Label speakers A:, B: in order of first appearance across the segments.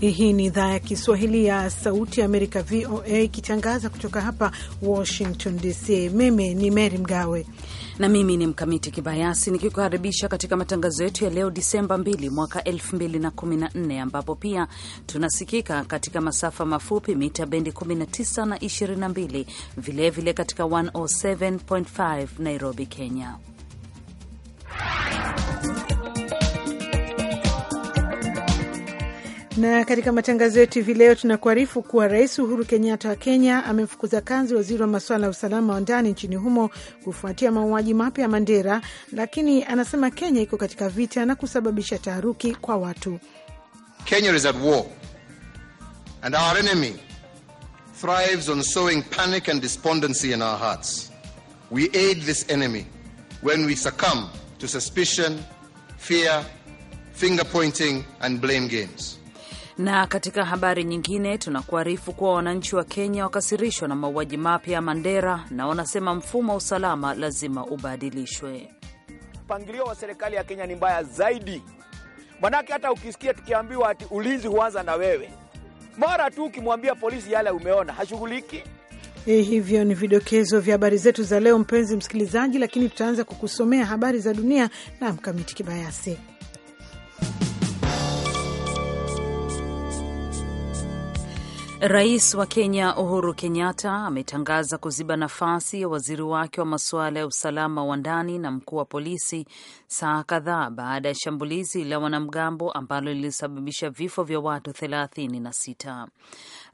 A: Hii ni idhaa ya Kiswahili ya Sauti ya Amerika, VOA, ikitangaza kutoka hapa Washington DC. Mimi ni Mary Mgawe
B: na mimi ni Mkamiti Kibayasi nikikukaribisha katika matangazo yetu ya leo Disemba 2 mwaka 2014 ambapo pia tunasikika katika masafa mafupi mita bendi 19 na 22, vilevile vile katika 107.5 Nairobi, Kenya.
A: Na katika matangazo yetu hivi leo tunakuarifu kuwa Rais Uhuru Kenyatta wa Kenya amemfukuza kazi waziri wa masuala ya usalama wa ndani nchini humo kufuatia mauaji mapya ya Mandera, lakini anasema Kenya iko katika vita na kusababisha taharuki kwa watu.
C: Kenya is at war and our enemy thrives on sowing panic and despondency in our hearts. We aid this enemy when we succumb to suspicion, fear, finger pointing and blame games.
B: Na katika habari nyingine, tunakuarifu kuwa wananchi wa Kenya wakasirishwa na mauaji mapya ya Mandera na wanasema mfumo wa usalama lazima ubadilishwe.
D: Mpangilio wa serikali ya Kenya ni mbaya zaidi, manake hata ukisikia tukiambiwa ati ulinzi huanza na wewe, mara tu ukimwambia polisi yale umeona hashughuliki.
A: Eh, hivyo ni vidokezo vya habari zetu za leo, mpenzi msikilizaji, lakini tutaanza kukusomea habari za dunia na Mkamiti Kibayasi.
B: Rais wa Kenya Uhuru Kenyatta ametangaza kuziba nafasi ya waziri wake wa masuala ya usalama wa ndani na mkuu wa polisi saa kadhaa baada ya shambulizi la wanamgambo ambalo lilisababisha vifo vya watu thelathini na sita.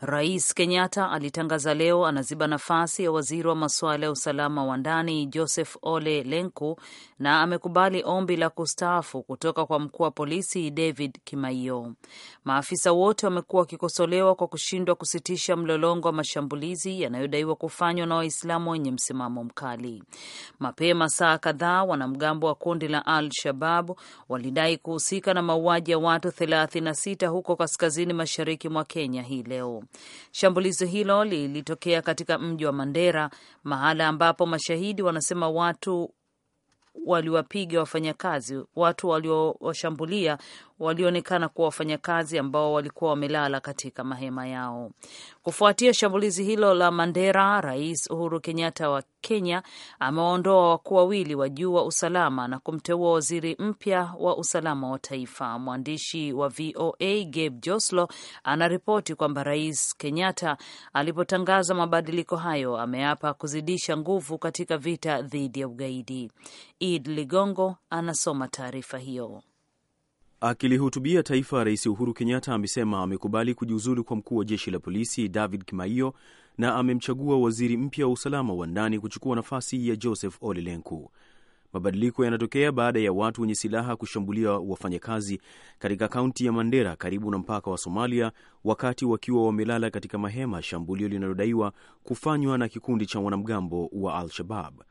B: Rais Kenyatta alitangaza leo anaziba nafasi ya waziri wa masuala ya usalama wa ndani Joseph Ole Lenku na amekubali ombi la kustaafu kutoka kwa mkuu wa polisi David kimaio Maafisa wote wamekuwa wakikosolewa kwa kushindwa kusitisha mlolongo wa mashambulizi yanayodaiwa kufanywa na Waislamu wenye msimamo mkali. Mapema saa kadhaa, wanamgambo wa kundi la Al Shabab walidai kuhusika na mauaji ya watu 36 huko kaskazini mashariki mwa Kenya hii leo. Shambulizi hilo lilitokea katika mji wa Mandera, mahala ambapo mashahidi wanasema watu waliwapiga wafanyakazi. Watu waliowashambulia walionekana kuwa wafanyakazi ambao walikuwa wamelala katika mahema yao. Kufuatia shambulizi hilo la Mandera, Rais Uhuru Kenyatta wa Kenya amewaondoa wakuu wawili wa juu wa usalama na kumteua waziri mpya wa usalama wa taifa. Mwandishi wa VOA Gabe Joslo anaripoti kwamba Rais Kenyatta alipotangaza mabadiliko hayo ameapa kuzidisha nguvu katika vita dhidi ya ugaidi. Id Ligongo anasoma taarifa hiyo.
C: Akilihutubia taifa, Rais Uhuru Kenyatta amesema amekubali kujiuzulu kwa mkuu wa jeshi la polisi David kimaio na amemchagua waziri mpya wa usalama wa ndani kuchukua nafasi ya Joseph Ole Lenku. Mabadiliko yanatokea baada ya watu wenye silaha kushambulia wafanyakazi katika kaunti ya Mandera karibu na mpaka wa Somalia wakati wakiwa wamelala katika mahema, shambulio linalodaiwa kufanywa na kikundi cha wanamgambo wa Al-Shabab.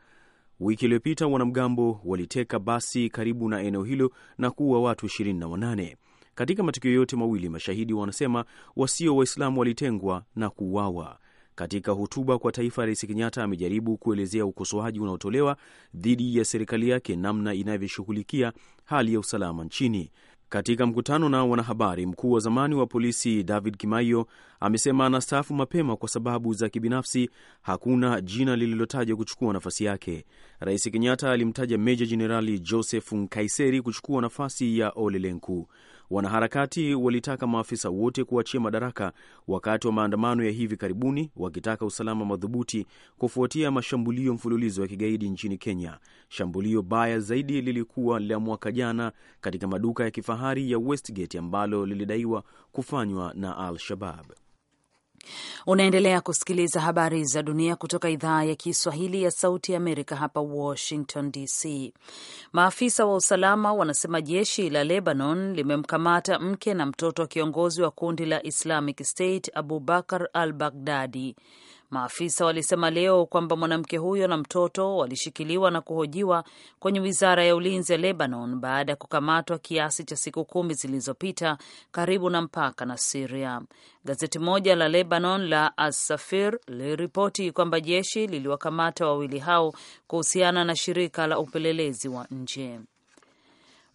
C: Wiki iliyopita wanamgambo waliteka basi karibu na eneo hilo na kuua watu 28. Katika matukio yote mawili, mashahidi wanasema wasio Waislamu walitengwa na kuuawa. Katika hotuba kwa taifa, Rais Kenyatta amejaribu kuelezea ukosoaji unaotolewa dhidi ya serikali yake namna inavyoshughulikia hali ya usalama nchini. Katika mkutano na wanahabari, mkuu wa zamani wa polisi David Kimaiyo amesema anastaafu mapema kwa sababu za kibinafsi. Hakuna jina lililotajwa kuchukua nafasi yake. Rais Kenyatta alimtaja Meja Jenerali Joseph Nkaiseri kuchukua nafasi ya Ole Lenku. Wanaharakati walitaka maafisa wote kuachia madaraka wakati wa maandamano ya hivi karibuni, wakitaka usalama madhubuti kufuatia mashambulio mfululizo ya kigaidi nchini Kenya. Shambulio baya zaidi lilikuwa la mwaka jana katika maduka ya kifahari ya Westgate ambalo lilidaiwa kufanywa na Al Shabab.
B: Unaendelea kusikiliza habari za dunia kutoka idhaa ya Kiswahili ya Sauti ya Amerika hapa Washington DC. Maafisa wa usalama wanasema jeshi la Lebanon limemkamata mke na mtoto wa kiongozi wa kundi la Islamic State Abu Bakar al Baghdadi. Maafisa walisema leo kwamba mwanamke huyo na mtoto walishikiliwa na kuhojiwa kwenye wizara ya ulinzi ya Lebanon baada ya kukamatwa kiasi cha siku kumi zilizopita karibu na mpaka na Siria. Gazeti moja la Lebanon la As-Safir liliripoti kwamba jeshi liliwakamata wawili hao kuhusiana na shirika la upelelezi wa nje.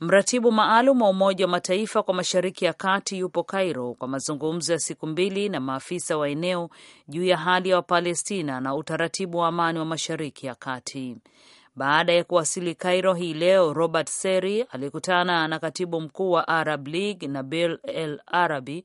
B: Mratibu maalum wa Umoja wa Mataifa kwa Mashariki ya Kati yupo Cairo kwa mazungumzo ya siku mbili na maafisa wa eneo juu ya hali ya Wapalestina na utaratibu wa amani wa Mashariki ya Kati. Baada ya kuwasili Cairo hii leo, Robert Seri alikutana na katibu mkuu wa Arab League Nabil El Arabi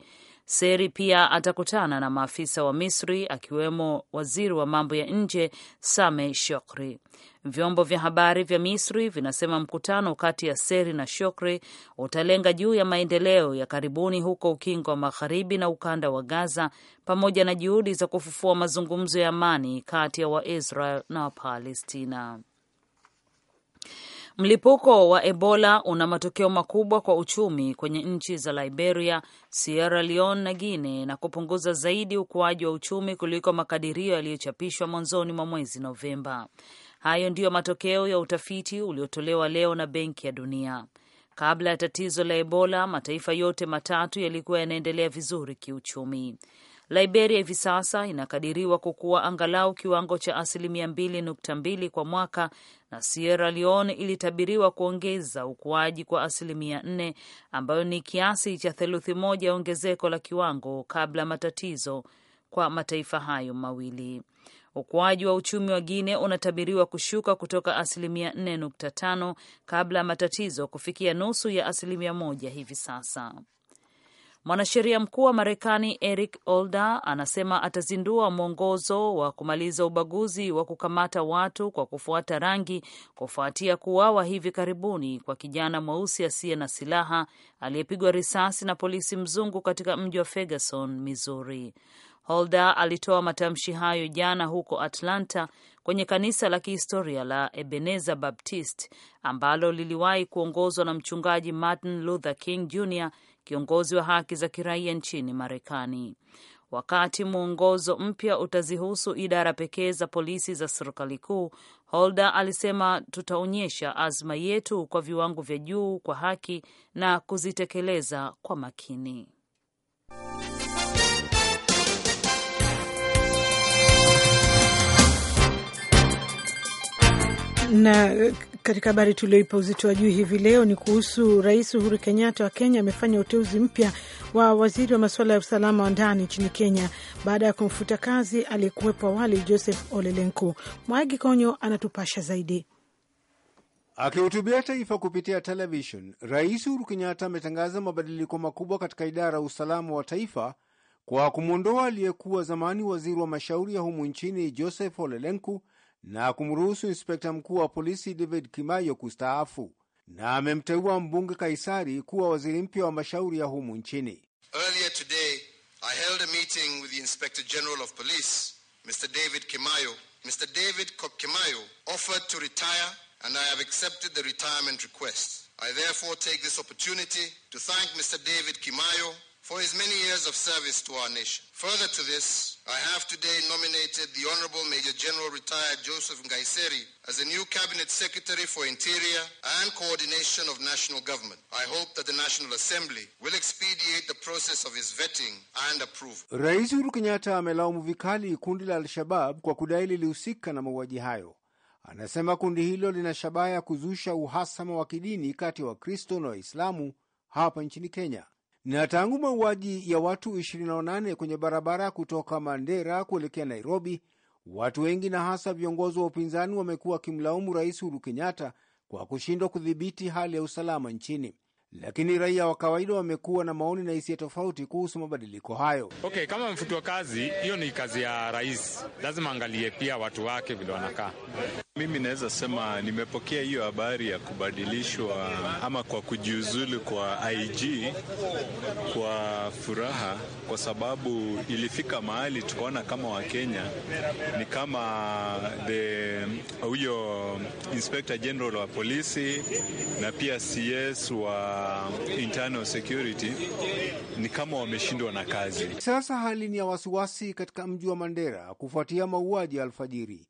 B: Seri pia atakutana na maafisa wa Misri akiwemo waziri wa mambo ya nje same Shokri. Vyombo vya habari vya Misri vinasema mkutano kati ya Seri na Shokri utalenga juu ya maendeleo ya karibuni huko Ukingo wa Magharibi na ukanda wa Gaza pamoja na juhudi za kufufua mazungumzo ya amani kati ya Waisrael na Wapalestina. Mlipuko wa Ebola una matokeo makubwa kwa uchumi kwenye nchi za Liberia, Sierra Leone na Guinea na kupunguza zaidi ukuaji wa uchumi kuliko makadirio yaliyochapishwa mwanzoni mwa mwezi Novemba. Hayo ndiyo matokeo ya utafiti uliotolewa leo na Benki ya Dunia. Kabla ya tatizo la Ebola, mataifa yote matatu yalikuwa yanaendelea vizuri kiuchumi. Liberia hivi sasa inakadiriwa kukua angalau kiwango cha asilimia mbili nukta mbili kwa mwaka na Sierra Leone ilitabiriwa kuongeza ukuaji kwa asilimia nne ambayo ni kiasi cha theluthi moja ya ongezeko la kiwango kabla matatizo kwa mataifa hayo mawili. Ukuaji wa uchumi wa guine unatabiriwa kushuka kutoka asilimia 4.5 kabla ya matatizo kufikia nusu ya asilimia moja hivi sasa. Mwanasheria mkuu wa Marekani Eric Holder anasema atazindua mwongozo wa kumaliza ubaguzi wa kukamata watu kwa kufuata rangi kufuatia kuuawa hivi karibuni kwa kijana mweusi asiye na silaha aliyepigwa risasi na polisi mzungu katika mji wa Ferguson, Missouri. Holder alitoa matamshi hayo jana huko Atlanta kwenye kanisa la kihistoria la Ebenezer Baptist ambalo liliwahi kuongozwa na mchungaji Martin Luther King Jr kiongozi wa haki za kiraia nchini Marekani. Wakati mwongozo mpya utazihusu idara pekee za polisi za serikali kuu, Holder alisema, tutaonyesha azma yetu kwa viwango vya juu kwa haki na kuzitekeleza kwa makini.
A: na katika habari tulioipa uzito wa juu hivi leo ni kuhusu Rais Uhuru Kenyatta wa Kenya amefanya uteuzi mpya wa waziri wa masuala ya usalama wa ndani nchini Kenya baada ya kumfuta kazi aliyekuwepo awali Joseph Olelenko. Lenku. Mwangi Konyo anatupasha zaidi.
D: Akihutubia taifa kupitia televishen, Rais Uhuru Kenyatta ametangaza mabadiliko makubwa katika idara ya usalama wa taifa kwa kumwondoa aliyekuwa zamani waziri wa mashauri ya humu nchini Joseph olelenku na kumruhusu inspekta mkuu wa polisi David Kimayo kustaafu na amemteua mbunge Kaisari kuwa waziri mpya wa mashauri ya humu nchini.
C: Earlier today, I held a meeting with the Inspector General of Police, Mr. David Kimayo. Mr. David Kimayo offered to retire and I have accepted the retirement request. I therefore take this opportunity to thank Mr. David Kimayo for his many years of service to our nation. Further to this, I have today nominated the Honorable Major General Retired Joseph Ngaiseri as the new Cabinet Secretary for Interior and Coordination of National Government. I hope that the National Assembly will expedite the process of his vetting and approval.
D: Rais Uhuru Kenyatta amelaumu vikali kundi la Al-Shabab kwa kudai lilihusika na mauaji hayo. Anasema kundi hilo lina shabaha ya kuzusha uhasama wa kidini kati ya Wakristo na Waislamu hapa nchini Kenya. Na tangu mauaji ya watu 28 kwenye barabara kutoka Mandera kuelekea Nairobi, watu wengi na hasa viongozi wa upinzani wamekuwa wakimlaumu Rais Uhuru Kenyatta kwa kushindwa kudhibiti hali ya usalama nchini lakini raia wa kawaida wamekuwa na maoni na hisia tofauti kuhusu mabadiliko hayo. Okay, kama mfutwa kazi hiyo ni kazi ya rais, lazima angalie pia watu wake vile wanakaa. Mimi naweza sema nimepokea hiyo habari ya kubadilishwa ama kwa kujiuzulu kwa IG kwa furaha, kwa sababu ilifika mahali tukaona kama Wakenya ni kama the huyo Inspector General wa polisi na pia CS wa Uh, internal security ni kama wameshindwa na kazi. Sasa hali ni ya wasiwasi katika mji wa Mandera kufuatia mauaji ya alfajiri.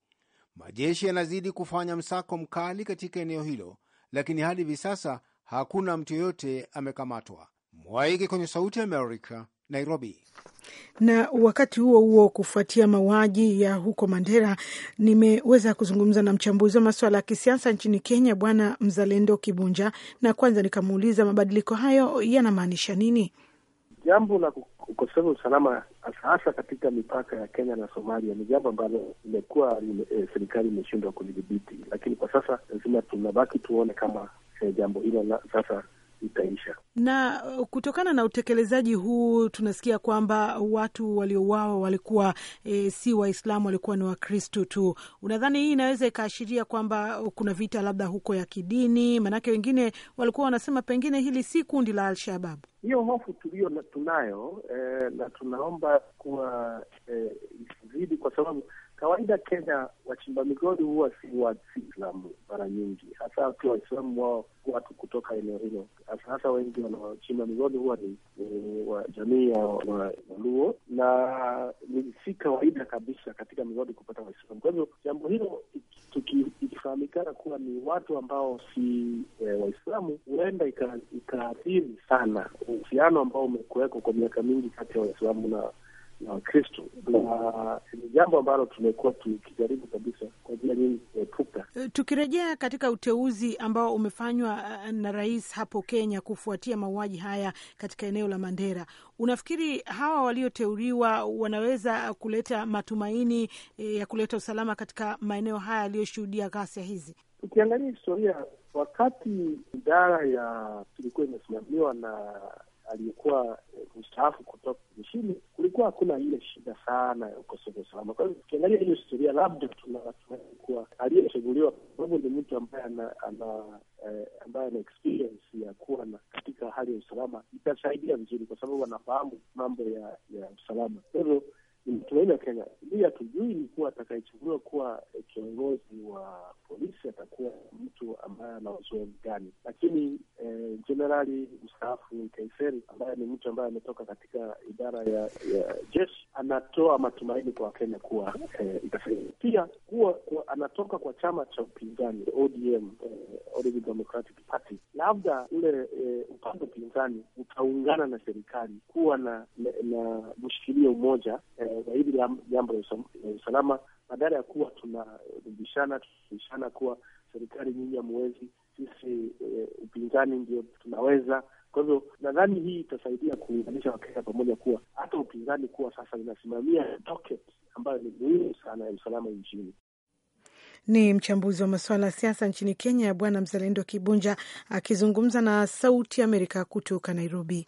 D: Majeshi yanazidi kufanya msako mkali katika eneo hilo, lakini hadi hivi sasa hakuna mtu yoyote amekamatwa. Mwaige kwenye Sauti ya Amerika, Nairobi.
A: Na wakati huo huo, kufuatia mauaji ya huko Mandera, nimeweza kuzungumza na mchambuzi wa masuala ya kisiasa nchini Kenya, Bwana Mzalendo Kibunja, na kwanza nikamuuliza mabadiliko hayo yanamaanisha nini.
E: Jambo la ukosefu usalama hasa katika mipaka ya Kenya na Somalia ni jambo ambalo imekuwa e, eh, serikali imeshindwa kulidhibiti, lakini kwa sasa lazima tunabaki tuone kama e, jambo hilo sasa itaisha.
A: Na uh, kutokana na utekelezaji huu tunasikia kwamba watu waliouawa walikuwa e, si Waislamu, walikuwa ni Wakristo tu. Unadhani hii inaweza ikaashiria kwamba uh, kuna vita labda huko ya kidini? Maanake wengine walikuwa wanasema pengine hili si kundi la Alshabab.
E: Hiyo hofu tulio tunayo e, na tunaomba kuwa e, eh, zidi kwa sababu Kawaida Kenya wachimba migodi huwa si Waislamu mara nyingi, hasa wakiwa Waislamu wao watu kutoka eneo hilo, hasa wengi wanaochimba migodi huwa ni wa jamii ya Waluo, na si kawaida kabisa katika migodi kupata Waislamu. Kwa hivyo jambo hilo ikifahamikana kuwa ni watu ambao si e, Waislamu, huenda ikaathiri sana uhusiano ambao umekuwekwa kwa miaka mingi kati ya Waislamu na na Wakristo na ni jambo ambalo tumekuwa tukijaribu kabisa kwa njia nyingi kuepuka.
A: Eh, tukirejea katika uteuzi ambao umefanywa eh, na rais hapo Kenya kufuatia mauaji haya katika eneo la Mandera, unafikiri hawa walioteuliwa wanaweza kuleta matumaini eh, ya kuleta usalama katika maeneo haya yaliyoshuhudia ghasia hizi?
E: Tukiangalia historia, wakati idara ya ilikuwa imesimamiwa na aliyekuwa eh, mstaafu kutoka jeshini, kulikuwa hakuna ile shida sana ya ukosefu wa usalama. Kwa hivyo tukiangalia hiyo historia, labda tunatumaini kuwa aliyechaguliwa kwa sababu ni mtu ambaye ana eh, ambaye ana experience ya kuwa na katika hali ya usalama itasaidia vizuri, kwa sababu anafahamu mambo ya ya usalama. Kwa hivyo mtumaini wa Kenya hii hatujui ni kuwa atakayechaguliwa kuwa eh, kiongozi wa polisi atakuwa mtu ambaye ana uzoefu gani, lakini eh, Jenerali mstaafu Kaiseri ambaye ni mtu ambaye ametoka katika idara ya, ya jeshi anatoa matumaini kwa Wakenya kuwa eh, pia kuwa, kuwa anatoka kwa chama cha upinzani ODM, eh, Orange Democratic Party. Labda ule eh, upande wa upinzani utaungana na serikali kuwa na, na, na mmoja eh, zaidi eh, ya jambo la usalama badala ya kuwa tunarudishana tunarudishana kuwa serikali nyinyi hamwezi, sisi e, upinzani ndio tunaweza. Kwa hivyo nadhani hii itasaidia kuunganisha Wakenya pamoja, kuwa hata upinzani kuwa sasa linasimamia docket ambayo ni muhimu sana ya usalama nchini.
A: Ni mchambuzi wa masuala ya siasa nchini Kenya, Bwana Mzalendo Kibunja akizungumza na Sauti Amerika kutoka Nairobi.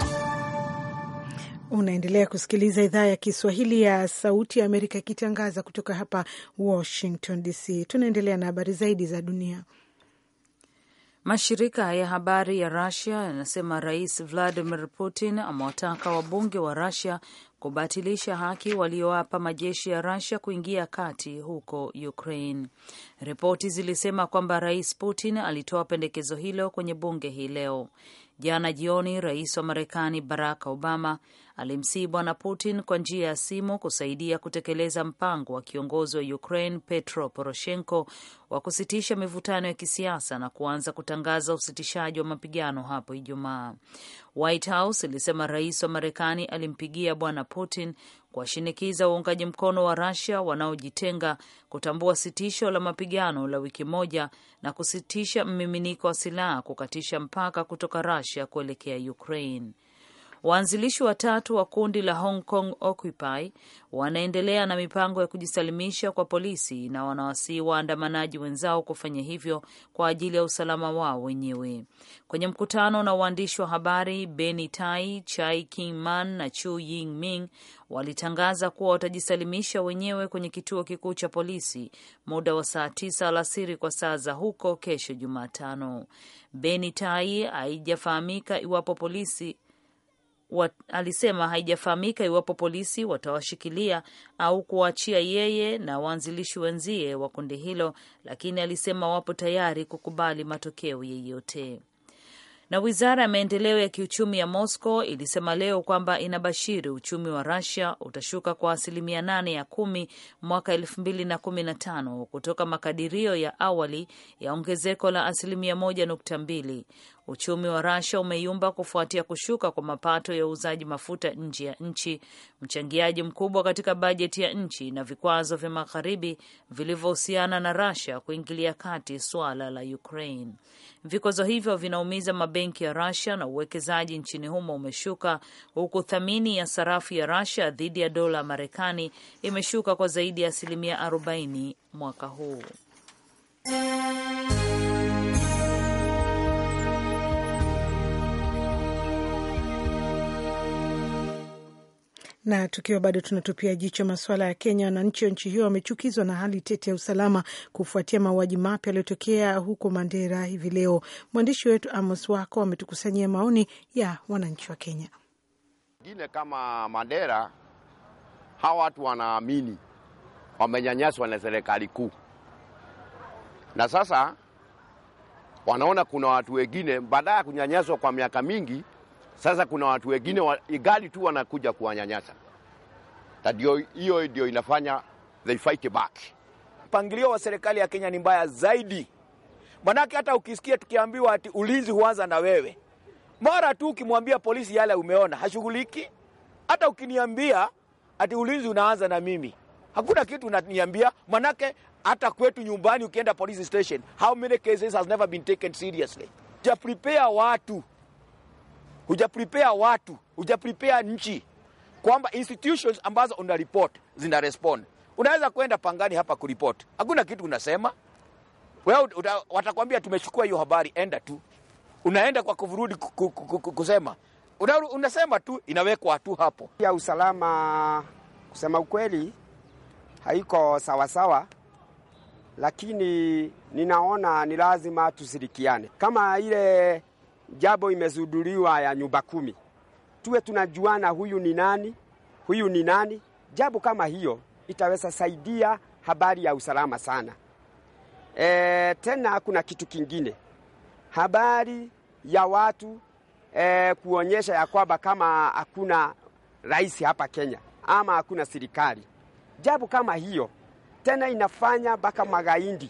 A: Unaendelea kusikiliza idhaa ya Kiswahili ya Sauti ya Amerika ikitangaza kutoka hapa Washington DC. Tunaendelea na habari zaidi za dunia. Mashirika
B: ya habari ya Rusia yanasema Rais Vladimir Putin amewataka wabunge wa Rusia kubatilisha haki waliowapa majeshi ya Rusia kuingia kati huko Ukraine. Ripoti zilisema kwamba Rais Putin alitoa pendekezo hilo kwenye bunge hii leo. Jana jioni, rais wa Marekani Barack Obama alimsii Bwana Putin kwa njia ya simu kusaidia kutekeleza mpango wa kiongozi wa Ukraine Petro Poroshenko wa kusitisha mivutano ya kisiasa na kuanza kutangaza usitishaji wa mapigano hapo Ijumaa. White House ilisema rais wa Marekani alimpigia Bwana Putin kuwashinikiza waungaji mkono wa rasia wanaojitenga kutambua sitisho la mapigano la wiki moja na kusitisha mmiminiko wa silaha kukatisha mpaka kutoka rasia kuelekea Ukraine. Waanzilishi watatu wa kundi la Hong Kong Occupy wanaendelea na mipango ya kujisalimisha kwa polisi na wanawasii waandamanaji wenzao kufanya hivyo kwa ajili ya usalama wao wenyewe. Kwenye mkutano na waandishi wa habari, Beni Tai, Chai King Man na Chu Ying Ming walitangaza kuwa watajisalimisha wenyewe kwenye kituo kikuu cha polisi muda wa saa tisa alasiri kwa saa za huko kesho Jumatano. Beni Tai haijafahamika iwapo polisi wa, alisema haijafahamika iwapo polisi watawashikilia au kuwaachia yeye na waanzilishi wenzie wa kundi hilo, lakini alisema wapo tayari kukubali matokeo yeyote. Na wizara ya maendeleo ya kiuchumi ya Moscow ilisema leo kwamba inabashiri uchumi wa Russia utashuka kwa asilimia nane ya kumi mwaka elfu mbili na kumi na tano kutoka makadirio ya awali ya ongezeko la asilimia moja nukta mbili. Uchumi wa rasia umeyumba kufuatia kushuka kwa mapato ya uuzaji mafuta nje ya nchi, mchangiaji mkubwa katika bajeti ya nchi, na vikwazo vya magharibi vilivyohusiana na rasia kuingilia kati suala la Ukraine. Vikwazo hivyo vinaumiza mabenki ya rasia na uwekezaji nchini humo umeshuka, huku thamini ya sarafu ya rasia dhidi ya dola ya Marekani imeshuka kwa zaidi ya asilimia 40 mwaka huu.
A: Na tukiwa bado tunatupia jicho masuala ya Kenya, wananchi wa nchi hiyo wamechukizwa na hali tete ya usalama kufuatia mauaji mapya yaliyotokea huko Mandera hivi leo. Mwandishi wetu Amos Wako ametukusanyia maoni ya wananchi wa Kenya.
D: Wengine kama Mandera, hawa watu wanaamini wamenyanyaswa na serikali kuu, na sasa wanaona kuna watu wengine baada ya kunyanyaswa kwa miaka mingi sasa kuna watu wengine wa, igali tu wanakuja kuwanyanyasa, hiyo ndio inafanya they fight back. Mpangilio wa serikali ya Kenya ni mbaya zaidi, manake hata ukisikia tukiambiwa ati ulinzi huanza na wewe, mara tu ukimwambia polisi yale umeona hashughuliki. Hata ukiniambia ati ulinzi unaanza na mimi, hakuna kitu unaniambia, manake hata kwetu nyumbani ukienda police station, how many cases has never been taken seriously. Ja prepare watu huja prepare watu, huja prepare nchi kwamba institutions ambazo una report zina respond. Unaweza kwenda Pangani hapa kuripot hakuna kitu unasema wewe, watakwambia tumechukua hiyo habari, enda tu. Unaenda kwa kuvurudi kusema, unasema tu, inawekwa tu hapo. Ya usalama kusema ukweli haiko sawasawa, lakini ninaona ni lazima tushirikiane kama ile jambo imezuduliwa ya nyumba kumi, tuwe tunajuana huyu ni nani, huyu ni nani. Jambo kama hiyo itaweza saidia habari ya usalama sana. E, tena kuna kitu kingine, habari ya watu e, kuonyesha ya kwamba kama hakuna rais hapa Kenya ama hakuna serikali. Jambo kama hiyo tena inafanya mpaka magaindi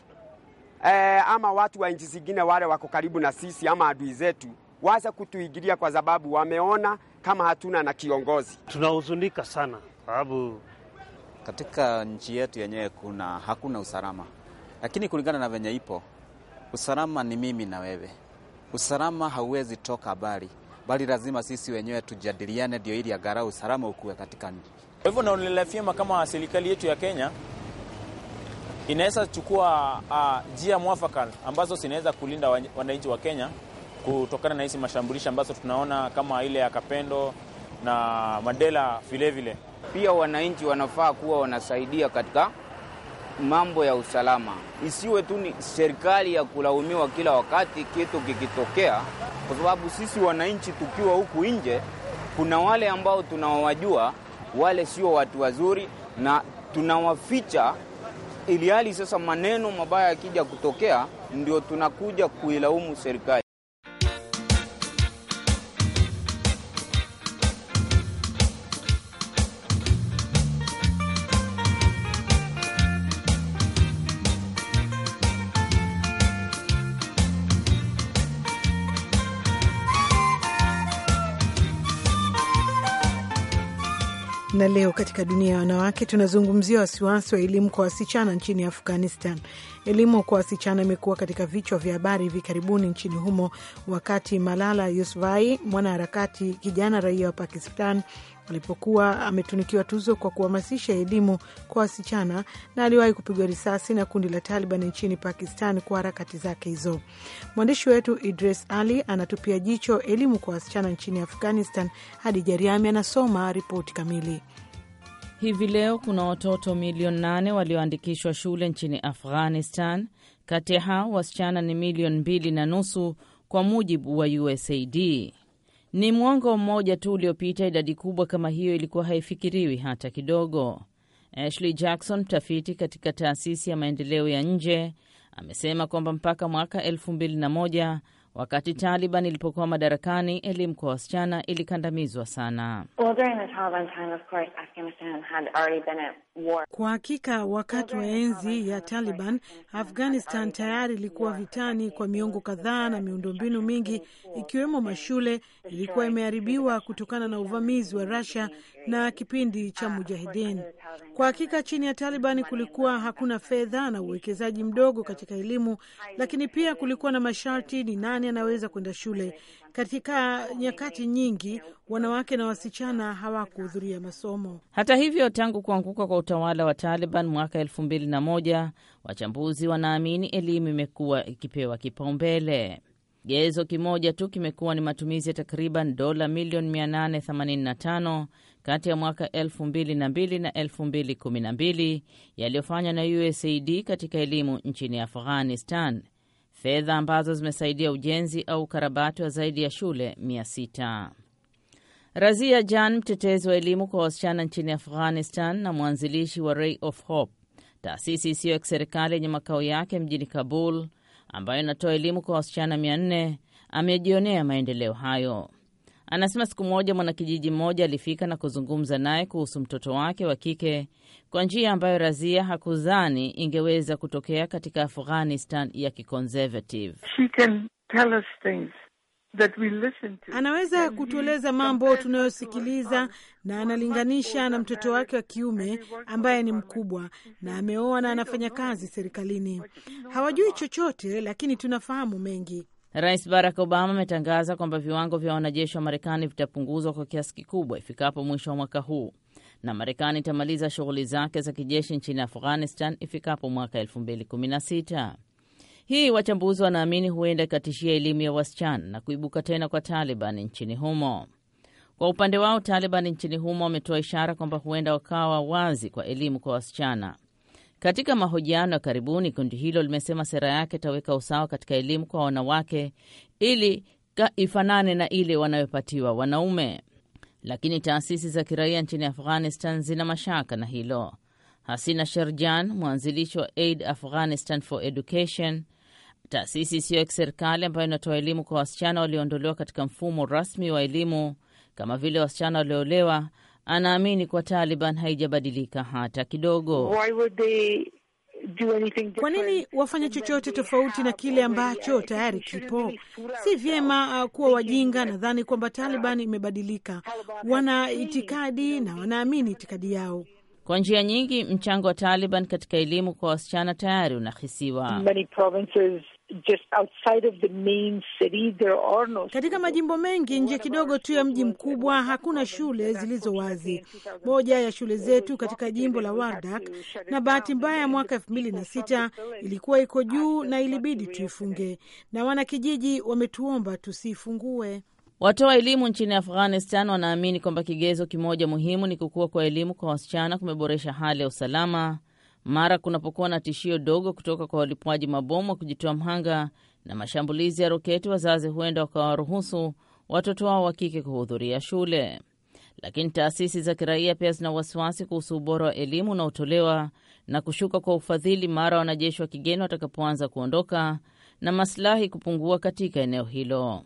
D: eh, ama watu wa nchi zingine wale wako karibu na sisi ama adui zetu waza kutuingilia kwa sababu wameona kama hatuna na kiongozi. Tunahuzunika sana sababu
C: katika nchi yetu yenyewe kuna hakuna usalama, lakini kulingana na venye ipo usalama ni mimi na wewe. Usalama hauwezi toka bali bali lazima sisi wenyewe tujadiliane, ndio ili angalau usalama ukuwe katika nchi. Kwa hivyo naonelea vyema kama serikali yetu ya Kenya inaweza chukua ah, njia uh, mwafaka ambazo zinaweza kulinda wananchi wa Kenya kutokana na hizi mashambulishi ambazo tunaona kama ile ya Kapendo na Mandela vilevile. Pia wananchi wanafaa kuwa wanasaidia katika mambo ya usalama, isiwe tu ni serikali ya kulaumiwa kila wakati kitu kikitokea, kwa sababu sisi wananchi tukiwa huku nje, kuna wale ambao tunawajua, wale sio watu wazuri na tunawaficha ili hali sasa maneno mabaya yakija kutokea ndio tunakuja kuilaumu serikali.
A: leo katika dunia ya wanawake tunazungumzia wasiwasi wa elimu kwa wasichana nchini Afghanistan. Elimu kwa wasichana imekuwa katika vichwa vya habari hivi karibuni nchini humo, wakati Malala Yousafzai, mwanaharakati kijana raia wa Pakistan, alipokuwa ametunikiwa tuzo kwa kuhamasisha elimu kwa wasichana na aliwahi kupigwa risasi na kundi la Taliban nchini Pakistan kwa harakati zake hizo. Mwandishi wetu Idris Ali anatupia jicho elimu kwa wasichana nchini Afghanistan. Hadi Jariami anasoma ripoti
F: kamili. Hivi leo kuna watoto milioni nane walioandikishwa shule nchini Afghanistan. Kati ya hao wasichana ni milioni mbili na nusu kwa mujibu wa USAID. Ni mwongo mmoja tu uliopita, idadi kubwa kama hiyo ilikuwa haifikiriwi hata kidogo. Ashley Jackson, mtafiti katika taasisi ya maendeleo ya nje, amesema kwamba mpaka mwaka 21 wakati Taliban ilipokuwa madarakani, elimu kwa wasichana ilikandamizwa sana.
A: Well, kwa hakika wakati wa enzi ya Taliban, Afghanistan tayari ilikuwa vitani kwa miongo kadhaa, na miundombinu mingi ikiwemo mashule ilikuwa imeharibiwa kutokana na uvamizi wa Russia na kipindi cha mujahidin. Kwa hakika chini ya Taliban kulikuwa hakuna fedha na uwekezaji mdogo katika elimu, lakini pia kulikuwa na masharti: ni nani anaweza kwenda shule, katika nyakati nyingi wanawake na wasichana hawakuhudhuria masomo.
F: Hata hivyo, tangu kuanguka kwa utawala wa Taliban mwaka elfu mbili na moja, wachambuzi wanaamini elimu imekuwa ikipewa kipaumbele. Gezo kimoja tu kimekuwa ni matumizi ya takriban dola milioni 885 kati ya mwaka 2002 na 2012 yaliyofanywa na USAID katika elimu nchini Afghanistan fedha ambazo zimesaidia ujenzi au ukarabati wa zaidi ya shule 6 Razia Jan, mtetezi wa elimu kwa wasichana nchini Afghanistan na mwanzilishi wa Ray of Hope, taasisi isiyo ya kiserikali yenye makao yake mjini Kabul ambayo inatoa elimu kwa wasichana 4 amejionea maendeleo hayo. Anasema siku moja mwanakijiji mmoja alifika na kuzungumza naye kuhusu mtoto wake wa kike kwa njia ambayo Razia hakudhani ingeweza kutokea katika Afghanistan ya kiconservative.
A: Anaweza kutueleza mambo tunayosikiliza na analinganisha na mtoto wake wa kiume ambaye ni mkubwa na ameoa na anafanya kazi serikalini. Hawajui chochote, lakini tunafahamu mengi.
F: Rais Barack Obama ametangaza kwamba viwango vya wanajeshi wa Marekani vitapunguzwa kwa kiasi kikubwa ifikapo mwisho wa mwaka huu na Marekani itamaliza shughuli zake za kijeshi nchini Afghanistan ifikapo mwaka 2016. Hii wachambuzi wanaamini huenda ikatishia elimu ya wasichana na kuibuka tena kwa Taliban nchini humo. Kwa upande wao, Taliban nchini humo wametoa ishara kwamba huenda wakawa wazi kwa elimu kwa wasichana. Katika mahojiano ya karibuni, kundi hilo limesema sera yake itaweka usawa katika elimu kwa wanawake ili ifanane na ile wanayopatiwa wanaume, lakini taasisi za kiraia nchini Afghanistan zina mashaka na hilo. Hasina Sherjan, mwanzilishi wa Aid Afghanistan for Education, taasisi isiyo ya kiserikali ambayo inatoa elimu kwa wasichana walioondolewa katika mfumo rasmi wa elimu kama vile wasichana walioolewa anaamini kuwa Taliban haijabadilika hata kidogo.
A: Kwa nini wafanye chochote tofauti na kile ambacho tayari kipo? Si vyema uh, kuwa wajinga. Nadhani kwamba Taliban imebadilika, wana itikadi na wanaamini itikadi yao.
F: Kwa njia nyingi, mchango wa Taliban katika elimu kwa wasichana tayari unahisiwa
A: just outside of the main city there are no. Katika majimbo mengi nje kidogo tu ya mji mkubwa hakuna shule zilizo wazi. Moja ya shule zetu katika jimbo la Wardak, na bahati mbaya mwaka elfu mbili na sita ilikuwa iko juu na ilibidi tuifunge, na wanakijiji wametuomba tusiifungue.
F: Watoa elimu nchini Afghanistan wanaamini kwamba kigezo kimoja muhimu ni kukua kwa elimu kwa wasichana kumeboresha hali ya usalama mara kunapokuwa na tishio dogo kutoka kwa walipwaji mabomu wa kujitoa mhanga na mashambulizi ya roketi, wazazi huenda wakawaruhusu watoto wao wa kike kuhudhuria shule. Lakini taasisi za kiraia pia zina wasiwasi kuhusu ubora wa elimu unaotolewa na kushuka kwa ufadhili mara wanajeshi wa kigeni watakapoanza kuondoka na masilahi kupungua katika eneo hilo.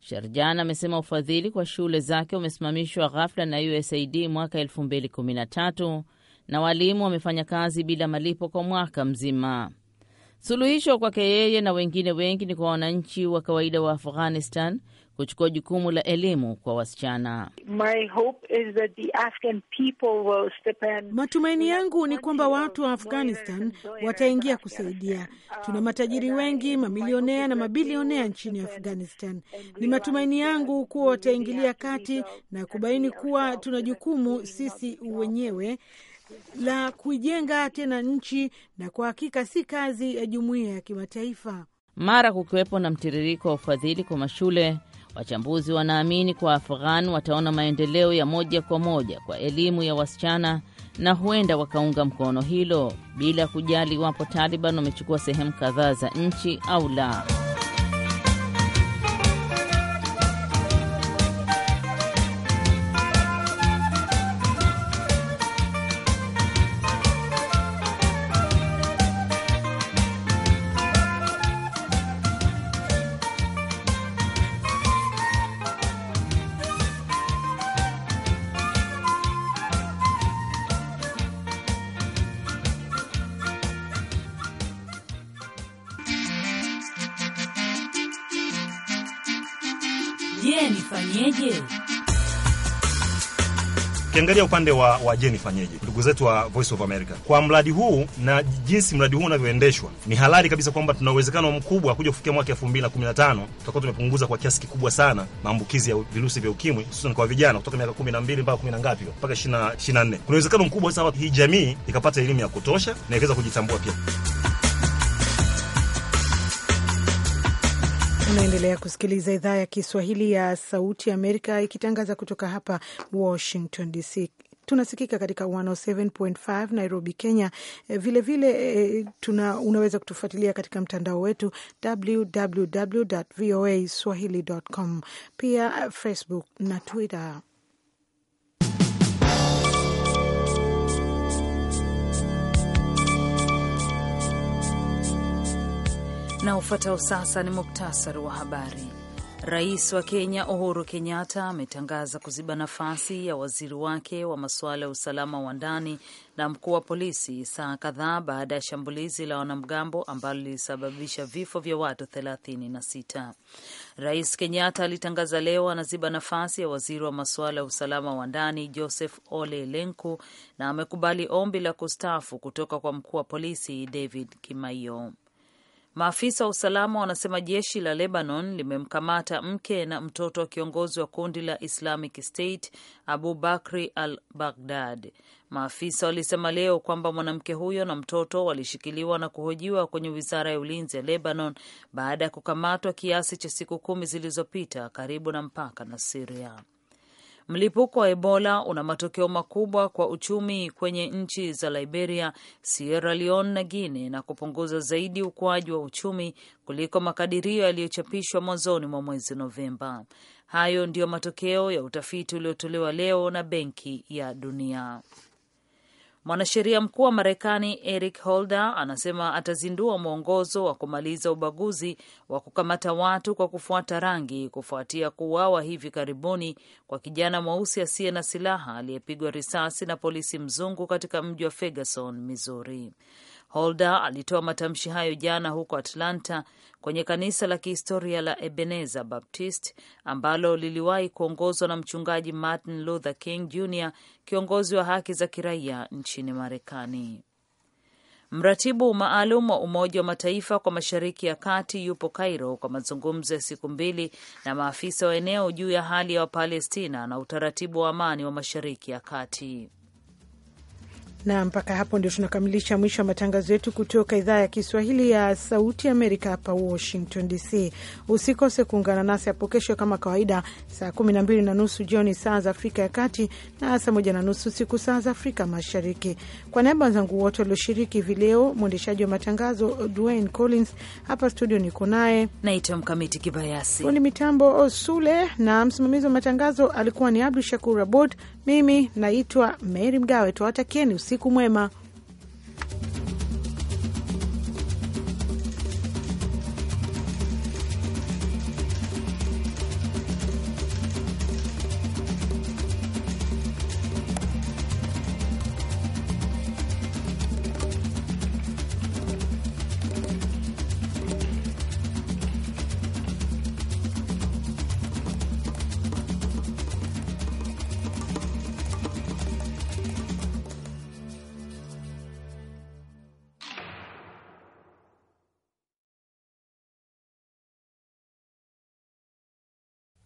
F: Sharjan amesema ufadhili kwa shule zake umesimamishwa ghafla na USAID mwaka 2013 na walimu wamefanya kazi bila malipo kwa mwaka mzima. Suluhisho kwake yeye na wengine wengi ni kwa wananchi wa kawaida wa Afghanistan kuchukua jukumu la elimu kwa wasichana.
A: Matumaini yangu ni kwamba watu wa Afghanistan wataingia kusaidia. Tuna matajiri wengi, mamilionea na mabilionea nchini Afghanistan. Ni matumaini yangu kuwa wataingilia kati na kubaini kuwa tuna jukumu sisi wenyewe la kuijenga tena nchi, na kwa hakika si kazi ya jumuiya ya kimataifa.
F: Mara kukiwepo na mtiririko wa ufadhili kwa mashule, wachambuzi wanaamini kwa Afghan wataona maendeleo ya moja kwa moja kwa elimu ya wasichana na huenda wakaunga mkono hilo bila kujali iwapo Taliban wamechukua sehemu kadhaa za nchi au la.
B: Je, nifanyeje?
E: Ukiangalia
C: upande wa, wa je nifanyeje, ndugu zetu wa Voice of America, kwa mradi huu na jinsi mradi huu unavyoendeshwa, ni halali kabisa kwamba tuna uwezekano mkubwa kuja kufikia mwaka tano tutakuwa tumepunguza kwa kiasi kikubwa sana maambukizi ya virusi vya ukimwi, hususan kwa vijana kutoka miaka 12 mpaka kumi na ngapi mpaka nne. Kuna uwezekano mkubwa sasa hii jamii ikapata elimu ya kutosha na ikaweza kujitambua pia.
A: Unaendelea kusikiliza idhaa ya Kiswahili ya Sauti Amerika ikitangaza kutoka hapa Washington DC. Tunasikika katika 107.5 Nairobi, Kenya. Vilevile vile, e, tuna, unaweza kutufuatilia katika mtandao wetu www voa swahili.com, pia Facebook na Twitter.
B: Na ufuatao sasa ni muktasari wa habari. Rais wa Kenya Uhuru Kenyatta ametangaza kuziba nafasi ya waziri wake wa masuala ya usalama wa ndani na mkuu wa polisi saa kadhaa baada ya shambulizi la wanamgambo ambalo lilisababisha vifo vya watu thelathini na sita. Rais Kenyatta alitangaza leo anaziba nafasi ya waziri wa masuala ya usalama wa ndani Joseph Ole Lenku na amekubali ombi la kustaafu kutoka kwa mkuu wa polisi David Kimaiyo. Maafisa wa usalama wanasema jeshi la Lebanon limemkamata mke na mtoto wa kiongozi wa kundi la Islamic State Abu Bakri al Baghdad. Maafisa walisema leo kwamba mwanamke huyo na mtoto walishikiliwa na kuhojiwa kwenye wizara ya ulinzi ya Lebanon baada ya kukamatwa kiasi cha siku kumi zilizopita karibu na mpaka na Siria. Mlipuko wa Ebola una matokeo makubwa kwa uchumi kwenye nchi za Liberia, Sierra Leone na Guinea na kupunguza zaidi ukuaji wa uchumi kuliko makadirio yaliyochapishwa mwanzoni mwa mwezi Novemba. Hayo ndiyo matokeo ya utafiti uliotolewa leo na Benki ya Dunia. Mwanasheria mkuu wa Marekani Eric Holder anasema atazindua mwongozo wa kumaliza ubaguzi wa kukamata watu kwa kufuata rangi kufuatia kuuawa hivi karibuni kwa kijana mweusi asiye na silaha aliyepigwa risasi na polisi mzungu katika mji wa Ferguson, Missouri. Holder alitoa matamshi hayo jana huko Atlanta kwenye kanisa la kihistoria la Ebenezer Baptist ambalo liliwahi kuongozwa na mchungaji Martin Luther King Jr, kiongozi wa haki za kiraia nchini Marekani. Mratibu maalum wa Umoja wa Mataifa kwa Mashariki ya Kati yupo Cairo kwa mazungumzo ya siku mbili na maafisa wa eneo juu ya hali ya Wapalestina na utaratibu wa amani wa Mashariki ya Kati
A: na mpaka hapo ndio tunakamilisha mwisho wa matangazo yetu kutoka idhaa ya Kiswahili ya Sauti Amerika hapa Washington DC. Usikose kuungana nasi hapo kesho kama kawaida, saa kumi na mbili na nusu jioni saa za Afrika ya Kati na saa moja na nusu siku saa za Afrika Mashariki. Kwa niaba wenzangu wote walioshiriki hivi leo, mwendeshaji wa matangazo Dwayne Collins, hapa studio niko naye naitwa Mkamiti Kibayasi, fundi mitambo Sule na msimamizi wa matangazo alikuwa ni Abdu Shakur Abod. Mimi naitwa Meri Mgawe, tuwatakieni usiku usiku mwema.